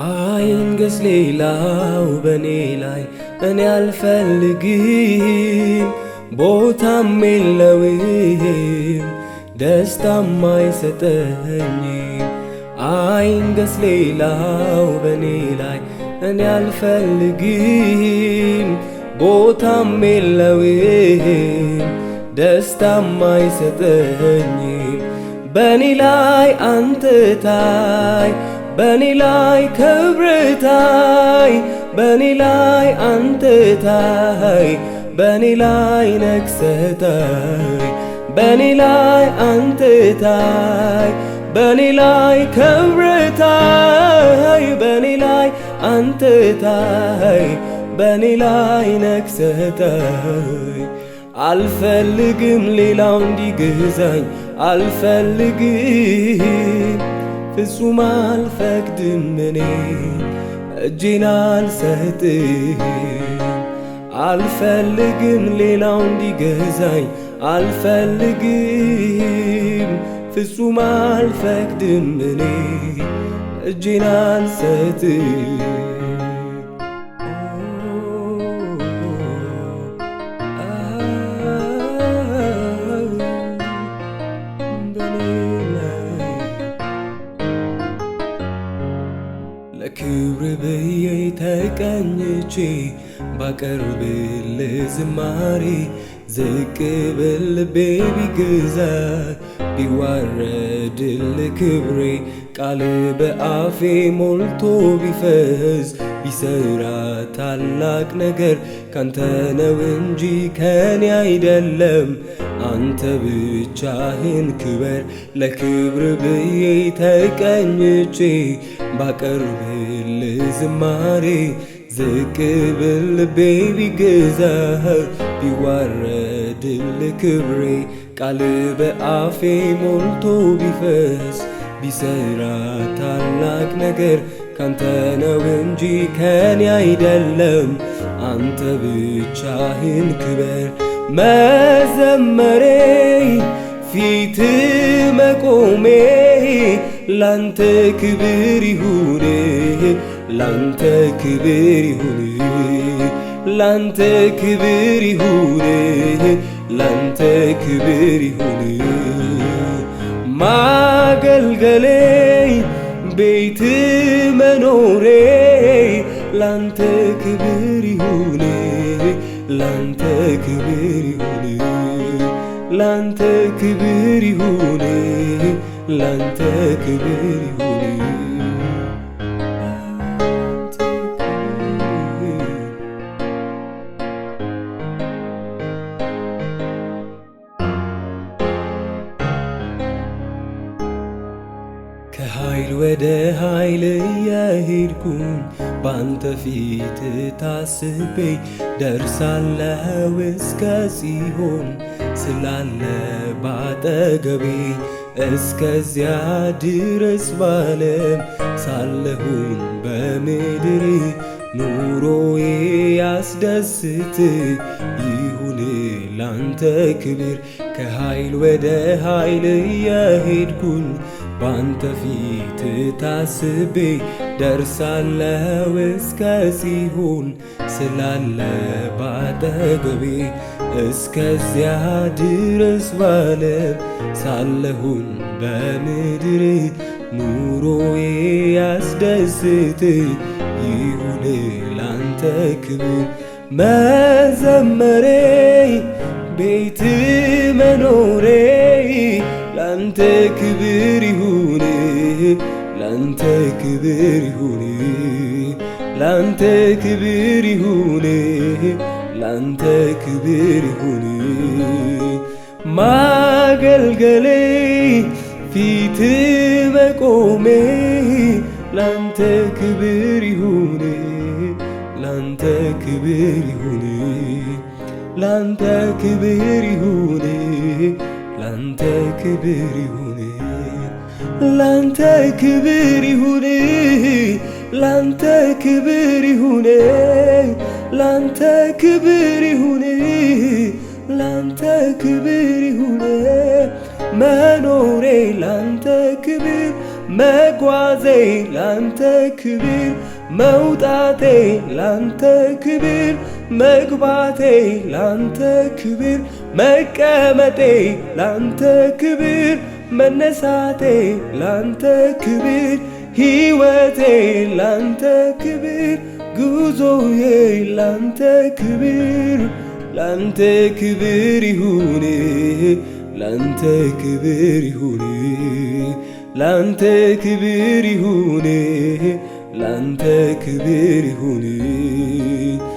አይንገስ ሌላው በኔ ላይ እኔ አልፈልግም፣ ቦታም የለውም፣ ደስታም አይሰጠኝም። ገስ ሌላው በኔ ላይ እኔ አልፈልግም፣ ቦታም የለውም፣ ደስታም አይሰጠኝም። በኔ ላይ አንተ ታይ በኔ ላይ ክብርታይ በኔ ላይ አንትታይ በኔ ላይ ነግሰታይ በኔ ላይ አንትታይ በኔ ላይ ክብርታይ በኔ ላይ አንትታይ በኔ ላይ ነግሰታይ አልፈልግም ሌላው እንዲገዛኝ አልፈልግም ፍጹም አልፈቅድም እኔ እጄን አልሰጥህ አልፈልግም ሌላው እንዲገዛኝ አልፈልግም ፍጹም አልፈቅድም እኔ እጄን አልሰጥህ ቀኝ እጄ ባቀርብል ዝማሬ ዝቅ ብል ቢገዛ ቢዋረድል ክብሬ ቃል በአፌ ሞልቶ ቢፈዝ ቢሰራ ታላቅ ነገር ካንተ ነው እንጂ ከኔ አይደለም። አንተ ብቻህን ክበር ለክብር ብዬ ተቀኝቼ ባቀርብል ዝማሬ ዝቅ ብል ልቤ ቢገዛ ቢዋረድም ቃል በአፌ ሞልቶ ቢፈስ ቢሰራ ታላቅ ነገር ካንተ ነው እንጂ ከኔ አይደለም። አንተ ብቻህን ክበር መዘመሬ ፊት መቆሜ ላንተ ክብር ይሁን ላንተ ክብር ይሁን፣ ላንተ ክብር ይሁን፣ ላንተ ክብር ይሁን። ማገልገሌ ቤት መኖሬ ላንተ ክብር ይሁን፣ ላንተ ክብር ይሁን፣ ላንተ ክብር ይሁን፣ ላንተ ክብር ይሁን ከኃይል ወደ ኃይል የሄድኩኝ ባንተ ፊት ታስቤ ደርሳለው እስከ ጽዮን ስላለ ባጠገቤ እስከዚያ ድረስ ባለም ሳለሁኝ በምድር ኑሮዬ ያስደስት ይሁን ላንተ ክብር ከኃይል ወደ ኃይል የሄድኩኝ ባንተ ፊት ታስቤ ደርሳለው እስከ ሲሆን ስላለ ባጠገቤ እስከዚያ ድረስ ባለም ሳለሁን በምድር ኑሮዬ ያስደስት ይሁን ላንተ ክብር መዘመሬ ቤት መኖሬ ላንተ ክብር ይሁን ላንተ ክብር ይሁን ላንተ ክብር ይሁን ማገልገሌ ፊት መቆሜ ላንተ ክብር ይሁን ላንተ ክብር ይሁን ላንተ ክብር ይሁን ላንተ ክብር ይሁን ላንተ ክብር ይሁን ላንተ ክብር ይሁን፣ ላንተ ክብር ይሁን፣ ላንተ ክብር ይሁን። መኖሬ ላንተ ክብር፣ መጓዜ ላንተ ክብር፣ መውጣቴ ላንተ ክብር፣ መግባቴ ላንተ ክብር፣ መቀመጤ ላንተ ክብር፣ መነሳቴ ላንተ ክብር ሕይወቴ ላንተ ክብር፣ ጉዞዬ ላንተ ክብር፣ ላንተ ክብር ይሁን፣ ላንተ ክብር ይሁን፣ ላንተ ክብር ይሁን፣ ላንተ ክብር ይሁን